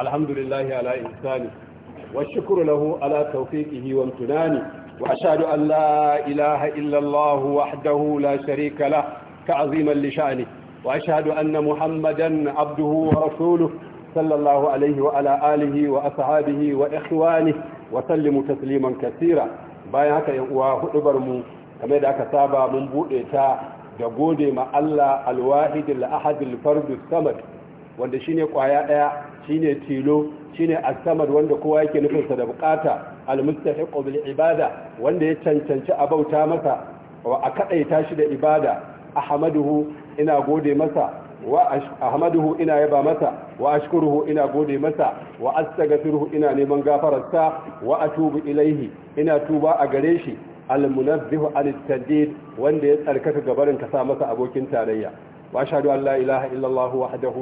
الحمد لله على إنساني والشكر له على توفيقه وامتناني وأشهد أن لا إله إلا الله وحده لا شريك له تعظيما لشأنه وأشهد أن محمدا عبده ورسوله صلى الله عليه وعلى آله وأصحابه وإخوانه وسلم تسليما كثيرا بايعك haka كما يدعك سابا من kamar da aka الله الواحد الأحد الفرد السمد wanda shine kwaya daya shine tilo shine as-samad wanda kowa yake nufin sa da bukata al-mustahiq bil ibada wanda ya cancanci a bauta masa wa a shi da ibada ahmaduhu ina gode masa wa ahmaduhu ina yaba masa wa ashkuruhu ina gode masa wa astaghfiruhu ina neman gafararsa wa atubu ilaihi ina tuba a gare shi al-munazzihu al-tadid wanda ya tsarkaka gabarin ka sa masa abokin tarayya واشهد ان لا اله الا الله وحده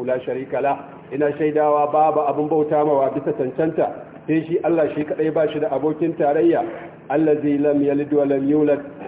ina shaidawa babu abun bauta mawa bisa cancanta sai shi Allah shi kaɗai kadai shi da abokin tarayya allazi lam yalid wa lam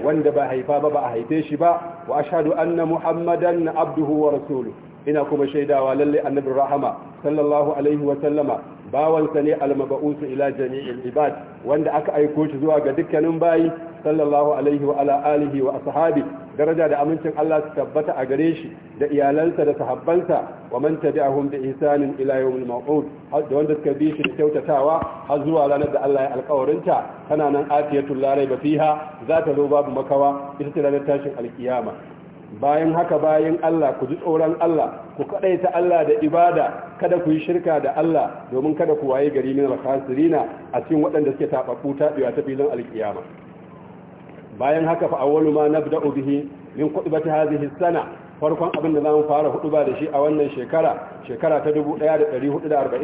wanda ba haifa ba ba a haife shi ba wa ashhadu anna muhammadan abduhu wa rasulu ina kuma shaidawa lalle annabi rahama sallallahu alaihi wa sallama bawansa ne almabu'us ila jami'in ibad wanda aka aiko shi zuwa ga dukkanin bayi sallallahu alaihi wa ala alihi wa ashabi daraja da amincin Allah su tabbata a gare shi da iyalansa da sahabbansa wa man tabi'ahum bi ihsanin ila yawmil maw'ud da wanda suka bi shi da kyautatawa har zuwa ranar da Allah ya alƙawarinta tana nan atiyatul la ba fiha za ta zo babu makawa ita ce ranar tashin alkiyama bayan haka bayan Allah ku ji tsoron Allah ku kadaita Allah da ibada kada ku yi shirka da Allah domin kada ku waye gari min al a cikin waɗanda suke taɓaɓɓu taɓewa ta filin alkiyama bayan haka fa awwalu ma nabda'u bihi min khutbati hadhihi sana farkon abin da zamu fara ba da shi a wannan shekara shekara ta 1443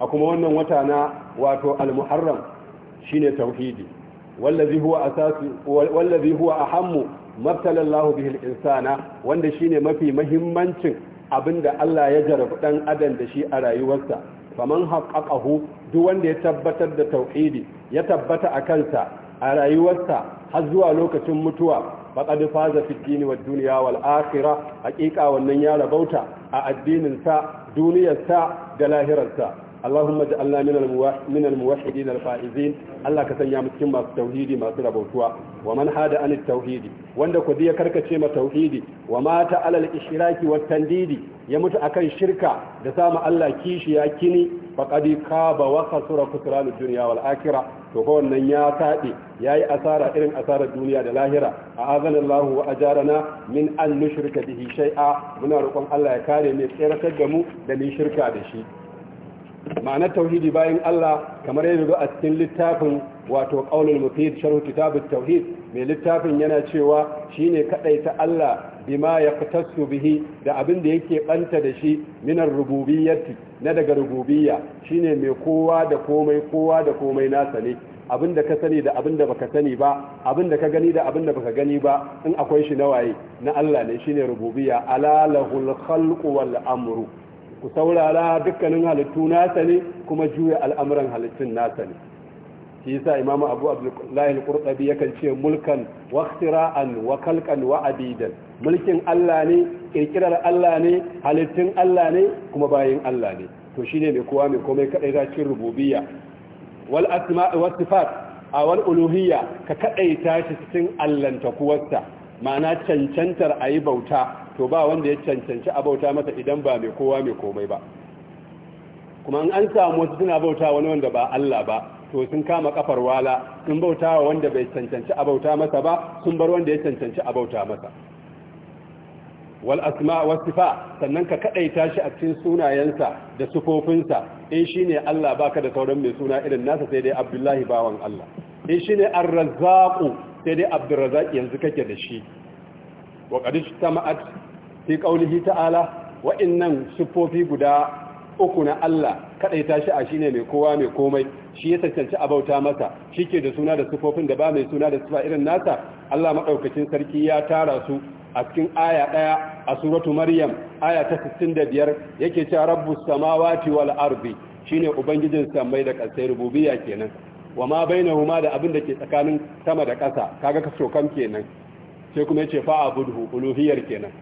a kuma wannan wata na wato al-muharram shine tauhidi wallazi huwa asasu wallazi huwa ahammu bihi insana wanda shine mafi abin abinda Allah ya jarabi ɗan adam da shi a rayuwarsa faman haqqaqahu duk wanda ya tabbatar da tauhidi ya tabbata a kansa a rayuwarsa har zuwa lokacin mutuwa faqad faza fi wa duniya wal akhirah haƙiƙa wannan ya rabauta a addinin sa duniyar da lahirarsa. اللهم اجعلنا من الموح... من الموحدين الفائزين الله كسنيا cikin masu tauhidi masu rabautuwa wa man hada an tauhidi wanda ku ya karkace ma tauhidi wa mata alal ishraki wat tandidi ya mutu akan shirka da sama Allah kishi ya kini faqad kaba wa khasura khusran dunya wal akhirah to ko wannan ya tade yayi asara irin asarar duniya da lahira a Allahu wa ajarana min an nushrika bihi shay'a muna roƙon Allah ya kare mu tsere da mu da ni shirka da shi ma'anar tauhidi bayan Allah kamar yadda a cikin littafin wato qaulul mufid sharh kitabut tauhid mai littafin yana cewa shine ta Allah bima yaqtasu bihi da abin da yake banta da shi minar rububiyyati na daga rububiyya shine mai kowa da komai kowa da komai nasa ne abin da ka sani da abin da baka sani ba abin da ka gani da abin da baka gani ba in akwai shi na waye na Allah ne shine rububiyya ala lahul khalqu wal amru ku saurara dukkanin halittu nasa ne kuma juya al'amuran halittun nasa ne shi yasa imam abu abdullahi al-qurtubi yakan ce mulkan wa ikhtira'an wa khalqan wa abidan mulkin Allah ne kirkirar Allah ne halittun Allah ne kuma bayin Allah ne to shine mai kowa mai komai kadai da rububiyya wal asma' wa sifat a wal uluhiyya ka kadai ta cikin cikin allantakuwarsa ma'ana cancantar ayi bauta to ba wanda ya cancanci abauta masa idan ba mai kowa mai komai ba kuma an samu wasu suna bauta wani wanda ba Allah ba to sun kama kafar wala sun bauta wa wanda bai cancanci abauta masa ba sun bar wanda ya cancanci a masa wal asma wa sifa sannan ka kadaita shi a cikin sunayensa da sufofinsa in eh, shine Allah baka da sauran mai suna irin nasa sai dai Abdullahi bawan Allah in eh, shine Ar-Razzaq sai dai Abdurrazzaq yanzu kake da shi wa qad ijtama'at fi ƙaunihi ta'ala wa'annan siffofi guda uku na Allah kaɗai ta shi a shine mai kowa mai komai shi ya tantance abauta masa ke da suna da siffofin da ba mai suna da sifa irin nasa Allah maɗaukacin sarki ya tara su a cikin aya ɗaya a suratu maryam aya ta biyar yake cewa Rabbu samawati wal ardi shine ubangijin samai da ƙasai rububiyya kenan wa ma bainahuma da abin da ke tsakanin sama da ƙasa kaga ka kam kenan sai kuma yace fa abudhu uluhiyyar kenan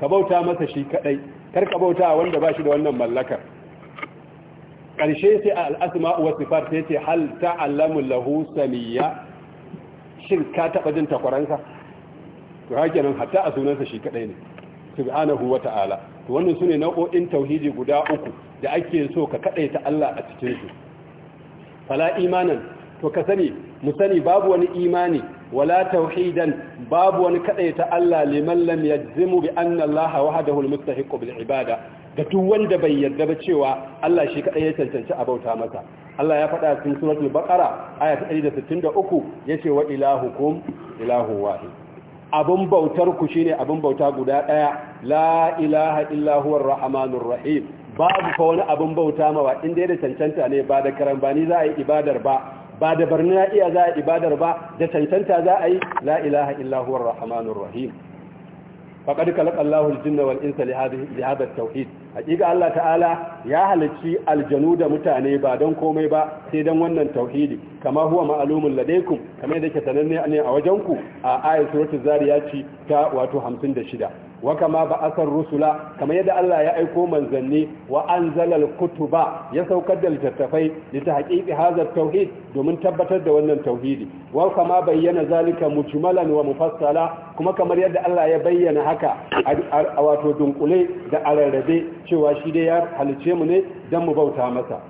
ka bauta masa shi kadai kar ka bauta wanda ba shi da wannan mallakar ƙarshe sai a al'asma'u wa sifar ya ce hal ta'allamu lahu samiyya shin ka taɓa jin takwaransa to haka nan hatta a sunansa shi kaɗai ne subhanahu wa ta'ala to wannan ne nau'o'in tauhidi guda uku da ake so ka kadaita Allah a cikin su fala imanin to ka sani mu sani babu wani imani wala tauhidan babu wani ta Allah liman lam yajzimu bi anna Allah wahdahu almustahiqu bil ibada ga duk wanda bai yarda ba cewa Allah shi kadai ya cancanci a bauta masa Allah ya faɗa cikin suratul baqara aya ta 163 yace wa ilahukum ilahu wahid abun bautar ku shine abun bauta guda daya la ilaha illa huwar rahmanur rahim babu wani abun bauta ma ba inda da cancanta ne ba da karambani za a yi ibadar ba ba da barna iya za a ibadar ba da tantanta za a yi la ilaha illahu rahmanur rahim faqad kalaƙa Allahu al-jinna wal insa li hadha tauhid hakika Allah ta'ala ya halarci aljanu da mutane ba don komai ba sai don wannan tauhidi kama huwa ma'alumin ladaikum kamar yadda ke sananne ne a wajenku a ayat suratul zariyat ta wato 56 wa kama ba asar rusula kamar yadda Allah ya aiko manzanni wa anzalal kutuba ya saukar da littattafai li tahqiqi hadha tauhid domin tabbatar da wannan tauhidi wa kama bayyana zalika mujmalan wa mufassala kuma kamar yadda Allah ya bayyana haka a wato dunkule da ararrabe cewa shi dai ya halice mu ne dan mu bauta masa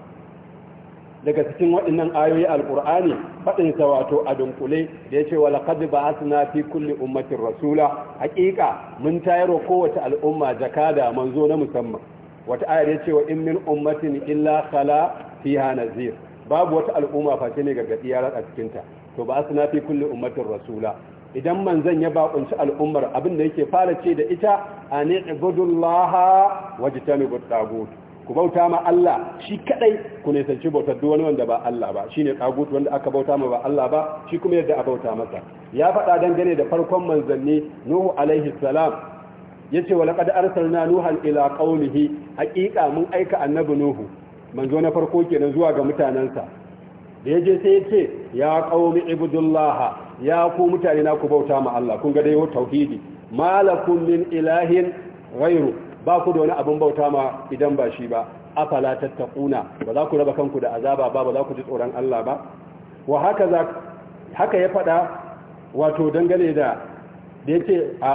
daga cikin waɗannan ayoyi alkur'ani faɗinsa wato a dunkule da ya ce wa laƙadu ba a fi kulle ummatin rasula haƙiƙa mun tayarwa kowace al'umma jakada manzo na musamman wata ayar ya ce wa in min ummatin illa khala fiha nazir babu wata al'umma face ne gargaɗi ya a cikinta to ba a fi kulle ummatin rasula idan manzon ya bakunci al'ummar abin da yake fara ce da ita a ne ibudullaha wajitani gudagut ku bauta ma Allah shi kadai ku sanci bautar duk wani wanda ba Allah ba shine tagut wanda aka bauta ma ba Allah ba shi kuma yadda a bauta masa ya faɗa dangane da farkon manzanni Nuhu alaihi salam yace wa laqad arsalna nuha ila qaumihi haqiqa mun aika annabi Nuhu manzo na farko kenan zuwa ga mutanansa da yaje sai yace ya qaumi ibudullah ya ku mutane na ku bauta ma Allah kun ga dai tauhidi malakum min ilahin ghairu ba ku da wani abin bauta ma idan ba shi ba ta tattaquna ba za ku raba kanku da azaba ba ba za ku ji tsoron Allah ba wa haka ya fada wato dangane da da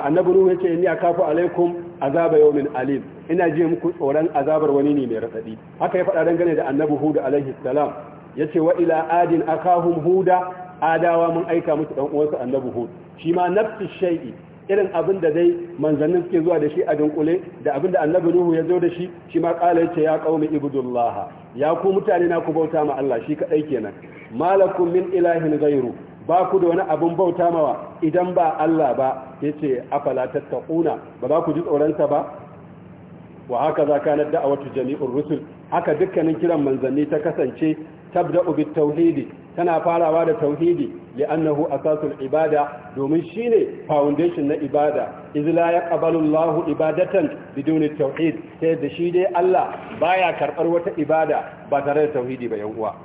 annabinu ya ruhu ni a kafa alaikum azaba min alim ina ji muku tsoron azabar wani ne mai ratsadi haka ya fada dangane da annabi hud alaihi salam yace wa ila adin akahum huda adawa mun aika musu ɗan uwansu annabi hud shi ma nafsi shai'i irin abin da dai manzannin suke zuwa da shi a dunkule da abin da annabi nuhu ya zo da shi shi ma kala yace ya qaumi ibudullaha ya ku mutane na ku bauta ma Allah shi kadai kenan malakum min ilahin zairu ba ku da wani abin bauta mawa idan ba Allah ba yace afala tattaquna ba za ku ji tsoronsa ba wa haka za kana da'awatu jami'ur rusul haka dukkanin kiran manzanni ta kasance tabda bit tauhidi tana farawa da tauhidi annahu asasul ibada domin shine foundation na ibada iz ya yaqbalu ibadatan biduni tauhid sai da shi dai Allah baya karbar wata ibada ba tare da tauhidi ba yan uwa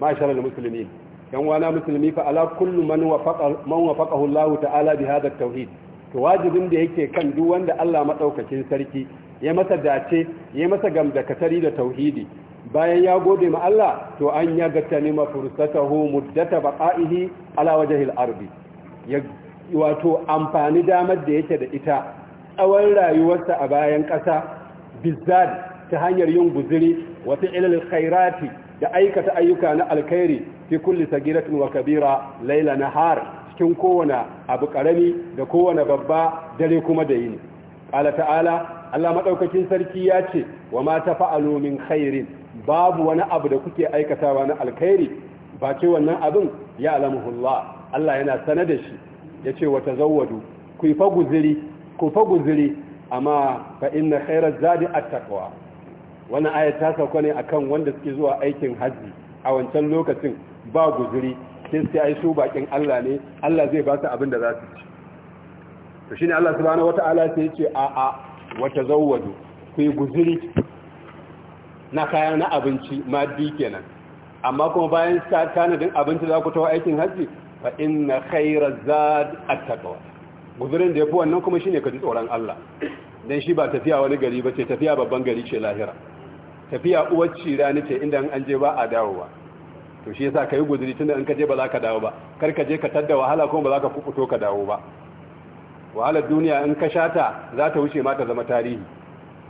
ma'ashara musulmi muslimin yan musulmi fa ala kullum man wafaqa man wafaqahu ta'ala bi hadha tauhid to wajibin da yake kan duk wanda Allah madaukakin sarki ya masa dace ya masa katari da tauhidi bayan ya gode ma Allah to an ya ga ma fursatahu muddata baqa'ihi ala wajhil ardi wato amfani damar da yake da ita tsawon rayuwarsa a bayan ƙasa bizzad ta hanyar yin guziri wa ilal khairati da aikata ayyuka na alkhairi fi kulli sagiratin wa kabira laila nahar cikin kowane abu karami da kowane babba dare kuma da yini qala ta'ala Allah madaukakin sarki ya ce wa ma tafa'alu min khairin babu wani abu da kuke aikatawa na alkhairi ba ce wannan abin ya alamuhullah Allah yana sanar da shi ya ce wata zawadu ku yi faguziri ku faguziri amma fa inna khairar zadi attaqwa wannan ayat ta sauka ne akan wanda suke zuwa aikin hajji a wancan lokacin ba guziri sai sai ai su bakin Allah ne Allah zai ba su abin da za su ci to shine Allah subhanahu wataala sai ya ce a a wata zawadu ku yi guziri na kaya na abinci maddi kenan amma kuma bayan tanadin abinci za ku tawo aikin hajji fa inna khayra zad at-taqwa guzurin da yafi wannan kuma shine ka ji tsoron Allah dan shi ba tafiya wani gari ba ce tafiya babban gari ce lahira tafiya uwar cira ne ce inda an je ba a dawowa to shi yasa kai guzuri tunda in ka je ba za ka dawo ba kar ka je ka tadda wahala kuma ba za ka kukuto ka dawo ba wahalar duniya in ka shata za ta wuce ma ta zama tarihi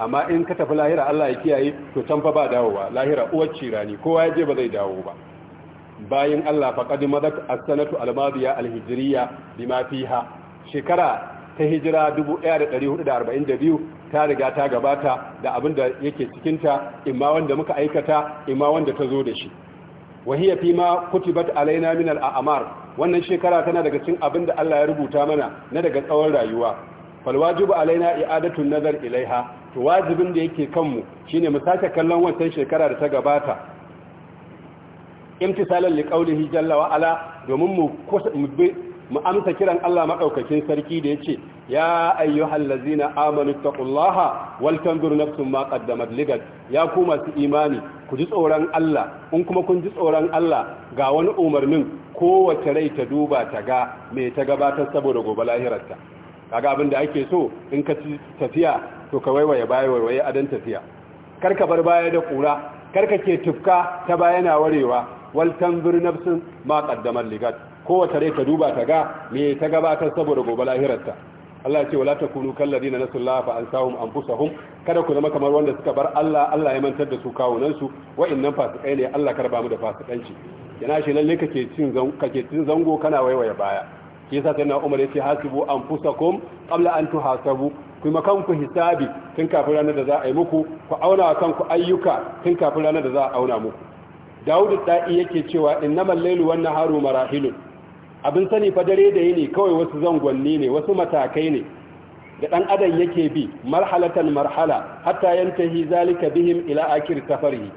amma in ka tafi lahira Allah ya kiyaye to can fa ba dawowa lahira uwar cirani kowa ya je ba zai dawo ba bayin Allah fa qad madat as-sanatu al-madiya al-hijriya bima fiha shekara ta hijira 1442 ta riga ta gabata da abin da yake cikinta imma wanda muka aikata imma wanda ta zo da shi wahiya fi ma kutibat alaina min amar wannan shekara tana daga cikin abin da Allah ya rubuta mana na daga tsawon rayuwa fal wajibu alaina i'adatu nazar ilaiha to wajibin da yake kanmu shine mu sake kallon wancan shekara da ta gabata imtisalan liqaulihi jalla wa ala domin mu mu amsa kiran Allah madaukakin sarki da yace ya ayyuhallazina amanu taqullaha wal tanzur nafsum ma qaddamat ligad ya ku masu imani ku ji tsoron Allah in kuma kun ji tsoron Allah ga wani umarnin kowace rai ta duba ta ga me ta gabatar saboda gobe lahirarta kaga abin da ake so in ka tafiya to ka waiwaye baya waiwaye adan tafiya karka bar baya da kura kar ka ke tufka ta baya na warewa wal tanzur nafsin ma qaddamal ligat kowace rai ta duba ta ga me ta gabatar saboda gobe lahirarta Allah ce wala takunu kal ladina nasullaha fa ansahum anfusahum kada ku zama kamar wanda suka bar Allah Allah ya mantar da su kawunan su innan fasikai ne Allah karba mu da fasikanci yana shi lalle kake cin zango kake cin zango kana waiwaye baya shi yasa sai na umar yace hasibu anfusakum qabla an tuhasabu ku ma kanku hisabi tun kafin ranar da za a yi muku ku auna wa kanku ayyuka tun kafin ranar da za a auna muku da'udu da'i yake cewa innamal lailu wan naharu marahilun abin sani fa dare da yini kawai wasu zangwanni ne wasu matakai ne da dan adam yake bi marhalatan marhala hatta yantahi zalika bihim ila akhir safarihi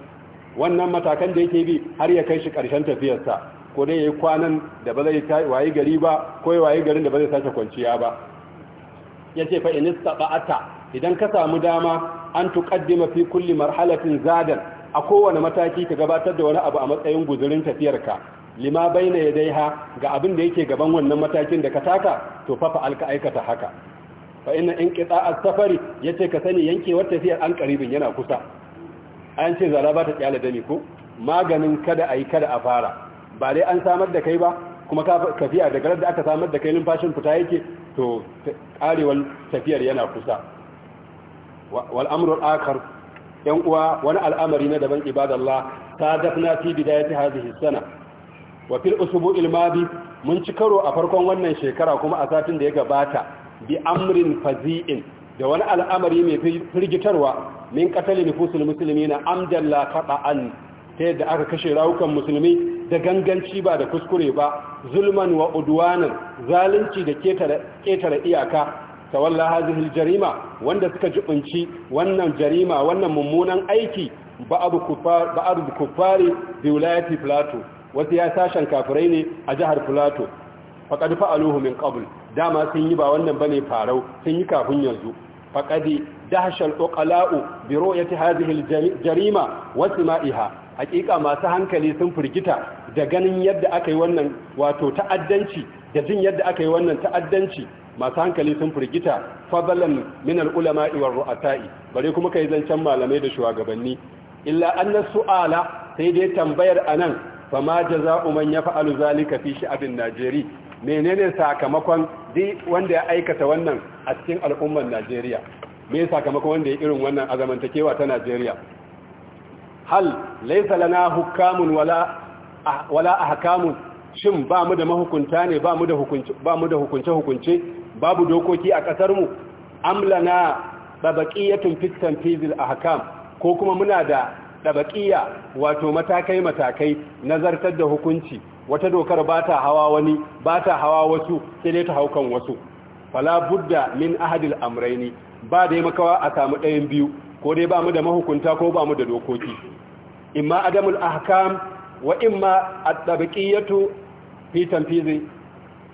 wannan matakan da yake bi har ya kai shi karshen tafiyarsa ko dai yi kwanan da ba zai wayi gari ba ko yayi wayi garin da ba zai sake kwanciya ba yace fa in istata'ata idan ka samu dama an tuqaddima fi kulli marhalatin zadan a kowane mataki ka gabatar da wani abu a matsayin guzurin tafiyarka lima baina yadaiha ga abin da yake gaban wannan matakin da ka taka to fa fa alka aikata haka fa in a safari yace ka sani yankewar tafiyar an karibin yana kusa an ce zara ba ta kyale ko maganin kada ayi kada a fara ba dai an samar da kai ba kuma tafiya da garar da aka samar da kai numfashin fita yake to karewar tafiyar yana kusa wal amru yan uwa wani al'amari na daban ibadallah dafna fi bidayati hadhihi sana wa fil usbu'il madi mun ci karo a farkon wannan shekara kuma a satin da ya gabata bi amrin fazi'in da wani al'amari mai firgitarwa min qatali nufusul muslimina amdan la qata'an ta yadda aka kashe rawukan musulmi da ganganci ba da kuskure ba zulman wa udwanan zalunci da ketare iyaka tawalla hazihil jarima wanda suka jibinci wannan jarima wannan mummunan aiki ba'adu kufar ba'adu kufari plato wasu ya sashen kafirai ne a jihar plato faqad fa'aluhu min qabl dama sun yi ba wannan ne farau sun yi kafin yanzu faqadi dahshal uqala'u biro ya hadhihi hazihil jarima wa sima'iha hakika masu hankali sun firgita da ganin yadda aka yi wannan wato ta'addanci da jin yadda aka yi wannan ta'addanci masu hankali sun firgita fadalan min al-ulama wa ru'ata'i bare kuma kai zancen malamai da shugabanni illa anna su'ala sai dai tambayar anan fama jaza'u man yaf'alu zalika fi sha'abin najeri menene sakamakon duk wanda ya aikata wannan a cikin al'ummar Najeriya me sakamakon wanda ya irin wannan azamantakewa ta Najeriya hal laisa lana hukamun wala ah, wala ahkamun shin ba mu da mahukunta ne ba mu da hukunci ba mu da hukunce hukunce babu dokoki a kasar mu amlana babaqiyatun fit tanfizil ahkam ko kuma muna da ɗabaƙiya wato matakai-matakai nazartar da hukunci wata dokar ba ta hawa wani ba hawa wasu sai dai ta haukan wasu fala budda min ahadil amraini ba da makawa a samu ɗayan biyu ko dai ba mu da mahukunta ko ba mu da dokoki imma adamul ahkam wa imma at-tabqiyatu fi tanfizi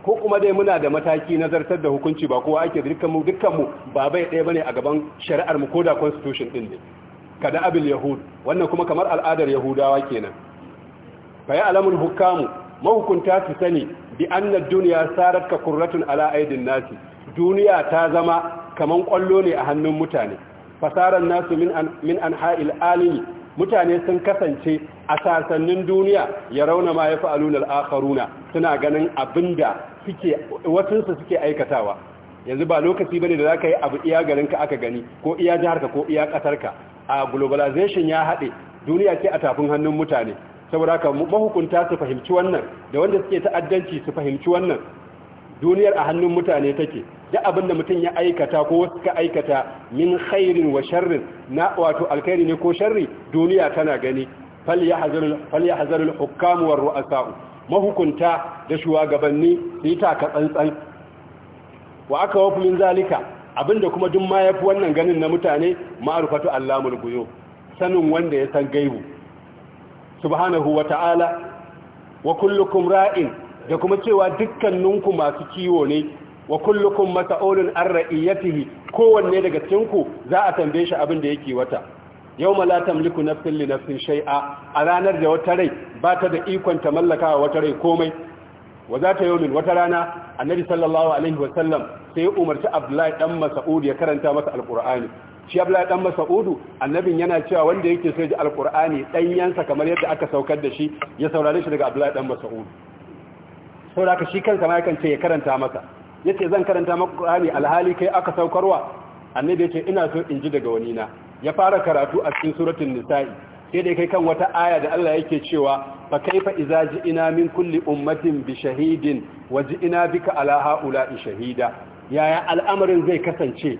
ko kuma dai muna da mataki nazartar da hukunci ba kowa ake dukkan mu dukkan mu ba bai ɗaya bane a gaban shari'ar mu ko da constitution din ne kada abul yahud wannan kuma kamar al'adar yahudawa kenan fa ya alamul hukamu mahukunta su sani bi anna dunya sarat ka qurratun ala aidin nasi duniya ta zama kaman kwallo ne a hannun mutane fasaran nasu min an ha'il alini mutane sun kasance a sasannin duniya ya rauna ma ya fa'alun al'akharuna suna ganin abinda suke wasunsu suke aikatawa yanzu ba lokaci bane da za ka yi abu iya garinka aka gani ko iya jiharka ko iya ƙasarka a globalization ya haɗe duniya ce a tafin hannun mutane saboda ka mahukunta su fahimci wannan da wanda suke ta'addanci su fahimci wannan duniyar a hannun mutane take da abin da mutum ya aikata ko wasu ka aikata min khairin wa sharrin na wato alkhairi ne ko sharri duniya tana gani fal ya hazarul hukam war ru'asa mahukunta da shugabanni su yi taka tsantsan wa aka min zalika abinda kuma duk ma yafi wannan ganin na mutane ma'arufatu allamul guyo sanin wanda ya san gaibu subhanahu wa ta'ala wa kullukum ra'in da kuma cewa dukkaninku masu kiwo ne wa kullukum mata'ulun an ra'iyatihi kowanne daga cikin ku za a tambaye shi abin da yake wata yawma la tamliku nafsin li nafsin shay'a a ranar da wata rai ba ta da ikon ta mallaka wata rai komai wa za ta yawmin wata rana annabi sallallahu alaihi wa sallam sai ya umarci abdullahi dan mas'ud ya karanta masa alqur'ani shi abdullahi dan mas'udu annabin yana cewa wanda yake sai ji alqur'ani danyansa kamar yadda aka saukar da shi ya saurare shi daga abdullahi dan mas'ud saboda haka shi kansa ma yakan ce ya karanta masa yace zan karanta maka Qur'ani alhali kai aka saukarwa annabi yace ina so in ji daga wani na ya fara karatu a cikin suratul nisa'i sai dai kai kan wata aya da Allah yake cewa fa kaifa ji ina min kulli ummatin bi shahidin wa ina bika ala haula shahida yaya al'amarin zai kasance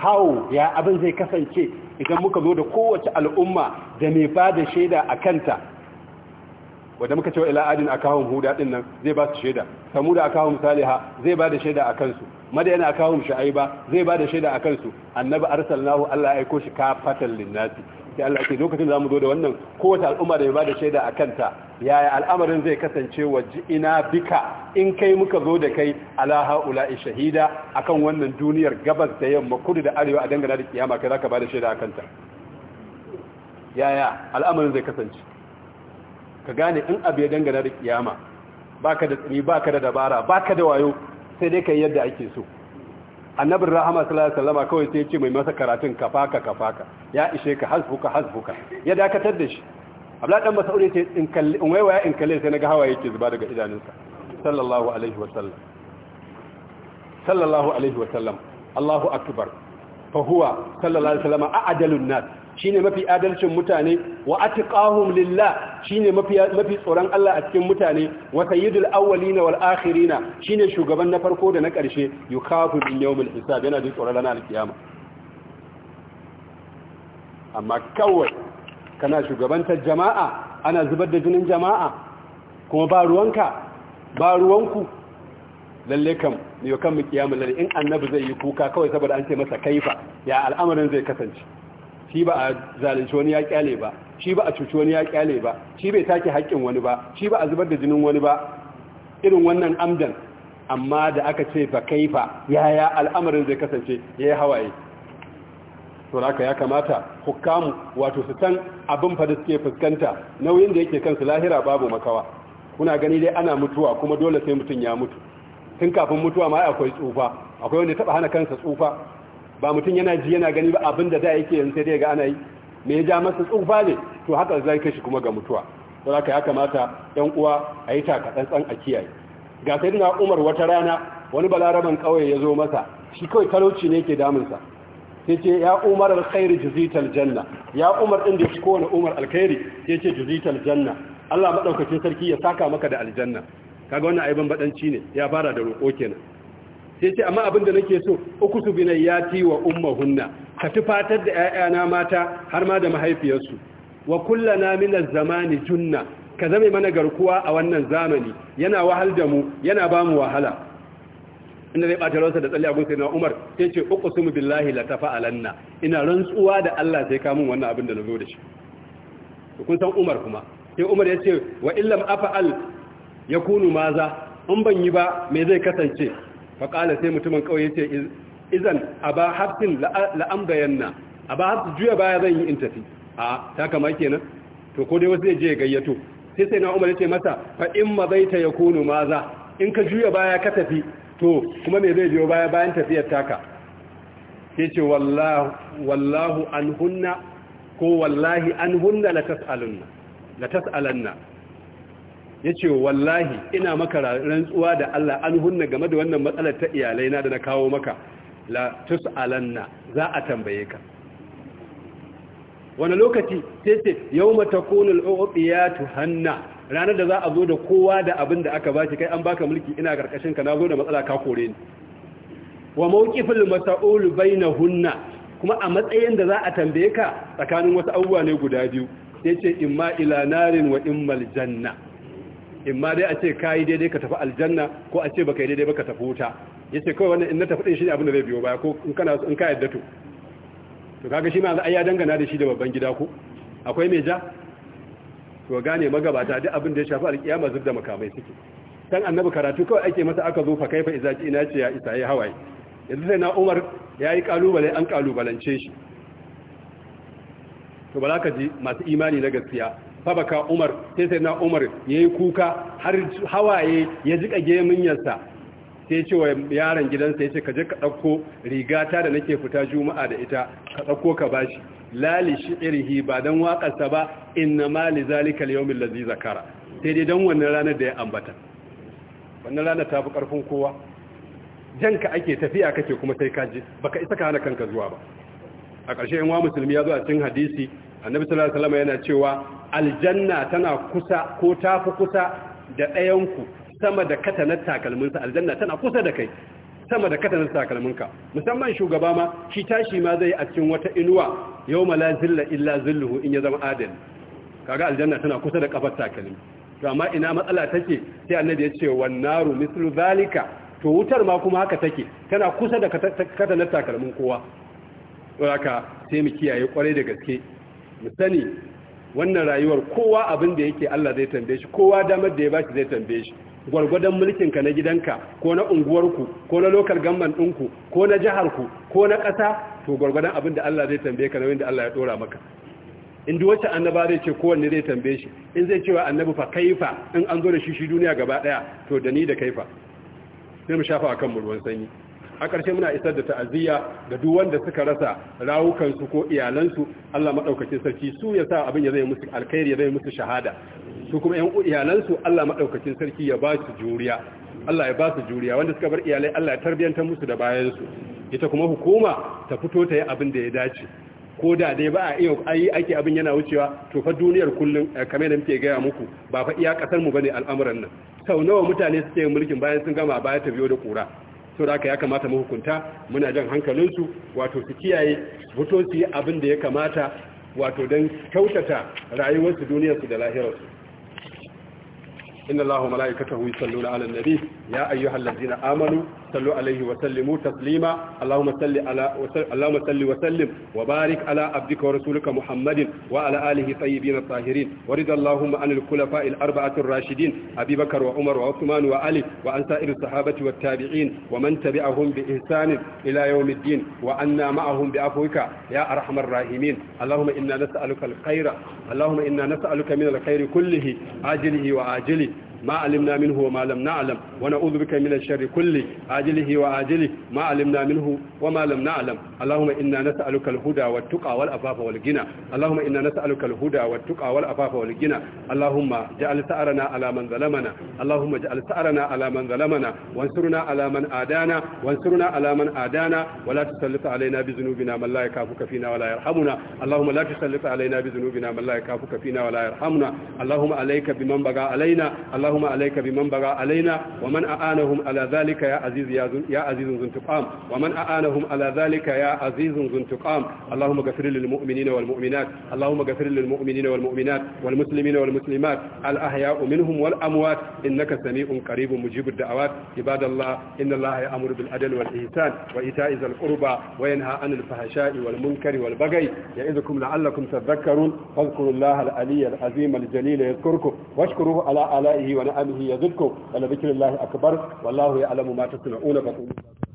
how ya abin zai kasance idan muka zo da kowace al'umma da mai ba da shaida a kanta wanda muka cewa ila adin akahum huda din nan zai ba su shaida samuda akahum saliha zai ba da shaida akan su madayana akahum ba zai ba da shaida akan su annabi arsalnahu Allah ya aiko shi kafatan linnasi sai Allah ya ce lokacin zamu zo da wannan kowace al'umma da ya ba da shaida akan ta yaya al'amarin zai kasance wa ina bika in kai muka zo da kai ala haula shahida akan wannan duniyar gabas da yamma kudu da arewa a dangana da kiyama kai zaka ba da shaida akan ta yaya al'amarin zai kasance ka gane in abu ya dangana da kiyama baka da tsini baka da dabara baka da wayo sai dai ka yi yadda ake so annabin rahama salallahu alaihi wasallam kawai sai ya ce mai masa karatun kafaka kafaka ya ishe ka hasbuka hasbuka ya dakatar da shi abla dan masaure sai in kalli in waiwaya in kalle sai naga hawaye yake zuba daga idanunsa sallallahu alaihi wasallam sallallahu alaihi sallam Allahu akbar fa huwa sallallahu alaihi wasallam a'dalun nas shine mafi adalcin mutane wa atqahum lillah shine mafi mafi tsoron Allah a cikin mutane wa sayyidul awwalina wal akhirina shine shugaban na farko da na ƙarshe yukafu bil yawmil hisab yana jin tsoron ranar alkiyama amma kawai kana shugabantar jama'a ana zubar da jinin jama'a kuma ba ruwanka ba ruwanku lalle kam ne kan mu lalle? in annabi zai yi kuka kawai saboda an ce masa kaifa ya al'amarin zai kasance shi ba a zalunci wani ya kyale ba shi ba a cuci wani ya kyale ba shi bai take haƙƙin wani ba shi ba a zubar da jinin wani ba irin wannan amdan amma da aka ce fa kaifa yaya al'amarin zai kasance yayi hawaye to haka ya kamata hukamu wato su san abin fa da suke fuskanta nauyin da yake kansu lahira babu makawa kuna gani dai ana mutuwa kuma dole sai mutun ya mutu tun kafin mutuwa ma akwai tsufa akwai wanda ya taba hana kansa tsufa ba mutum yana ji yana gani ba abin da da yake yanzu sai dai ga ana yi me ya ja masa tsufa ne to haka zai kashi kuma ga mutuwa to haka ya kamata yan uwa a yi taka tsantsan a kiyaye ga sai dina Umar wata rana wani balaraban kauye ya zo masa shi kawai talauci ne yake damun sa sai ce ya Umar alkhairi juzital janna ya Umar din da shi kowane Umar alkhairi sai ce juzital janna Allah madaukakin sarki ya saka maka da aljanna kaga wannan aibin badanci ne ya fara da roƙo kenan sai ce amma abin da nake so uku su binai ya ci wa hunna, ka tufatar da 'ya'yana mata har ma da mahaifiyarsu wa kullana minaz zamani junna ka zame mana garkuwa a wannan zamani yana wahal da mu yana ba mu wahala inda zai ɓata ransa da tsalle abin sai na umar sai ce uku su billahi la tafa alanna ina rantsuwa da allah sai kamun wannan abin da na zo da shi kun san umar kuma sai umar ya ce wa illam afa'al ya kunu maza in ban yi ba me zai kasance faƙala sai mutumin ya ce izan a ba haftin la'ambayanna a ba haftin juya baya zan yi in tafi a ta kama kenan to ko dai wasu je gayyato sai sai na umar ce masa fa'in ma zai ta ya kono maza in ka juya baya ka tafi to kuma mai zai biyo baya bayan tafiyar taka ke ce wallahu an hunna ko wallahi an hunna latas alanna. la tas'alanna ya ce wallahi ina maka rantsuwa da Allah an hunna game da wannan matsalar ta iyalai na da na kawo maka la tus'alanna za a tambaye ka wani lokaci sai ce yau mata uqiyatu hanna ranar da za a zo da kowa da abin da aka baki kai an baka mulki ina karkashin ka na zo da matsala ka kore ni wa mawqifil mas'ul bainahunna kuma a matsayin da za a tambaye ka tsakanin wasu abubuwa ne guda biyu sai ce imma ila narin wa immal janna in ma dai a ce kayi daidai ka tafi aljanna ko a ce baka yi daidai baka tafi wuta yace kawai wannan in na tafi din shi ne abin da zai biyo baya ko in kana in ka yadda to to kaga shi ma ai ya dangana da shi da babban gida ko akwai mai ja to gane magabata duk abin da ya shafi alkiyama zubda makamai suke dan annabi karatu kawai ake masa aka zo fa kaifa idza ina ce ya isa ya hawaye yanzu sai na Umar yi kalubale an kalubalance shi to ba za ka ji masu imani na gaskiya sabaka umar sai sai na umar ya yi kuka har hawaye ya jika geminyarsa sai ce wa yaron gidansa ya ce ka je ka ɗauko rigata da nake fita juma'a da ita ka ɗauko ka bashi lali shi'irhi ba don waƙarsa ba inna ma li zalika liyo yawmin lazi zakara sai dai don wannan ranar da ya ambata wannan ranar ta fi ƙarfin kowa Jan janka ake tafiya kake kuma sai ka je baka isa ka hana kanka zuwa ba a ƙarshe in wa musulmi ya zo a cikin hadisi annabi sallallahu alaihi wasallam yana cewa aljanna tana kusa ko ta fi kusa da ɗayanku sama da katanar takalminsa aljanna tana kusa da kai sama da katanar takalminka musamman shugaba ma shi tashi ma zai a cikin wata inuwa yau mala zilla illa zilluhu in ya zama adal kaga aljanna tana kusa da kafar takalmi to amma ina matsala take sai annabi ya ce wan naru mislu zalika to wutar ma kuma haka take tana kusa da katanar takalmin kowa to haka sai mu kiyaye kwarai da gaske mu sani wannan rayuwar kowa abin da yake Allah zai tambaye shi kowa damar da ya baki zai tambaye shi gwargwadon mulkin ka na gidanka ko na unguwarku ko na local government ɗinku ko na jiharku ko na ƙasa to gwargwadon abin da Allah zai tambaye ka na wanda Allah ya dora maka in duk wacce annaba zai ce kowanne zai tambaye shi in zai cewa annabi fa kaifa in an zo da shi shi duniya gaba daya to da ni da kaifa sai mu shafa akan mu ruwan sanyi a ƙarshe muna isar da ta'aziyya ga duk wanda suka rasa rawukansu ko iyalansu Allah madaukakin sarki su ya sa abin ya zai musu alkhairi ya zai musu shahada su kuma yan iyalansu Allah madaukakin sarki ya ba su juriya Allah ya ba su juriya wanda suka bar iyalai Allah ya tarbiyanta musu da bayansu ita kuma hukuma ta fito ta yi abin da ya dace ko da dai ba a iya ayi ake abin yana wucewa to fa duniyar kullun eh, kamar da muke gaya muku ba fa iya kasar mu bane al'amuran nan sau nawa mutane suke mulkin bayan sun gama baya ta biyo da kura to da aka ya kamata mu hukunta muna jan hankalinsu wato su kiyaye buto su yi abin da ya kamata wato don kyautata rayuwarsu duniyarsu da lahirarsu inna allahu mala'ikatahu yusalluna 'alan nabi ya ayyuhallazina amanu sallu alaihi wa sallimu taslima allahumma salli wa sallim wa barik ala abdika wa muhammadin wa ala alihi tayyibin at-tahirin warida allahumma anil kulafa'il arba'atir rashidin abubakar wa umar wa uthman wa ali wa ansa'il sahabati wa tabi'in wa man tabi'ahum bi ihsanin ila yawmiddin wa anna ma'ahum bi afwika ya arhamar rahimin allahumma inna nas'aluka al-khayra allahumma inna nas'aluka min al-khayri kullihi ajlihi wa ajlihi ما علمنا منه وما لم نعلم ونعوذ بك من الشر كله عاجله وعاجله ما علمنا منه وما لم نعلم اللهم إنا نسألك الهدى والتقى والأفاف والغنى اللهم إنا نسألك الهدى والتقى والأفاف والغنى اللهم اجعل ثأرنا على من ظلمنا اللهم اجعل ثأرنا على من ظلمنا وانصرنا على من آدانا وانصرنا على من آدانا ولا تسلط علينا بذنوبنا من لا يكافك فينا ولا يرحمنا اللهم لا تسلط علينا بذنوبنا من لا يكافك فينا ولا يرحمنا اللهم عليك بمن بغى علينا اللهم اللهم عليك بمن بغى علينا ومن أعانهم على ذلك يا عزيز يا عزيز ذو انتقام ومن أعانهم على ذلك يا عزيز ذو انتقام اللهم غفر للمؤمنين والمؤمنات اللهم غفر للمؤمنين والمؤمنات والمسلمين والمسلمات الأحياء منهم والأموات إنك سميع قريب مجيب الدعوات عباد الله إن الله يأمر بالعدل والإحسان وإيتاء ذي القربى وينهى عن الفحشاء والمنكر والبغي يعظكم لعلكم تذكرون فاذكروا الله العلي العظيم الجليل يذكركم واشكروه على آلائه wa ni'amihi yazidkum wa la dhikrillahi akbar wallahu ya'lamu ma tasna'una fa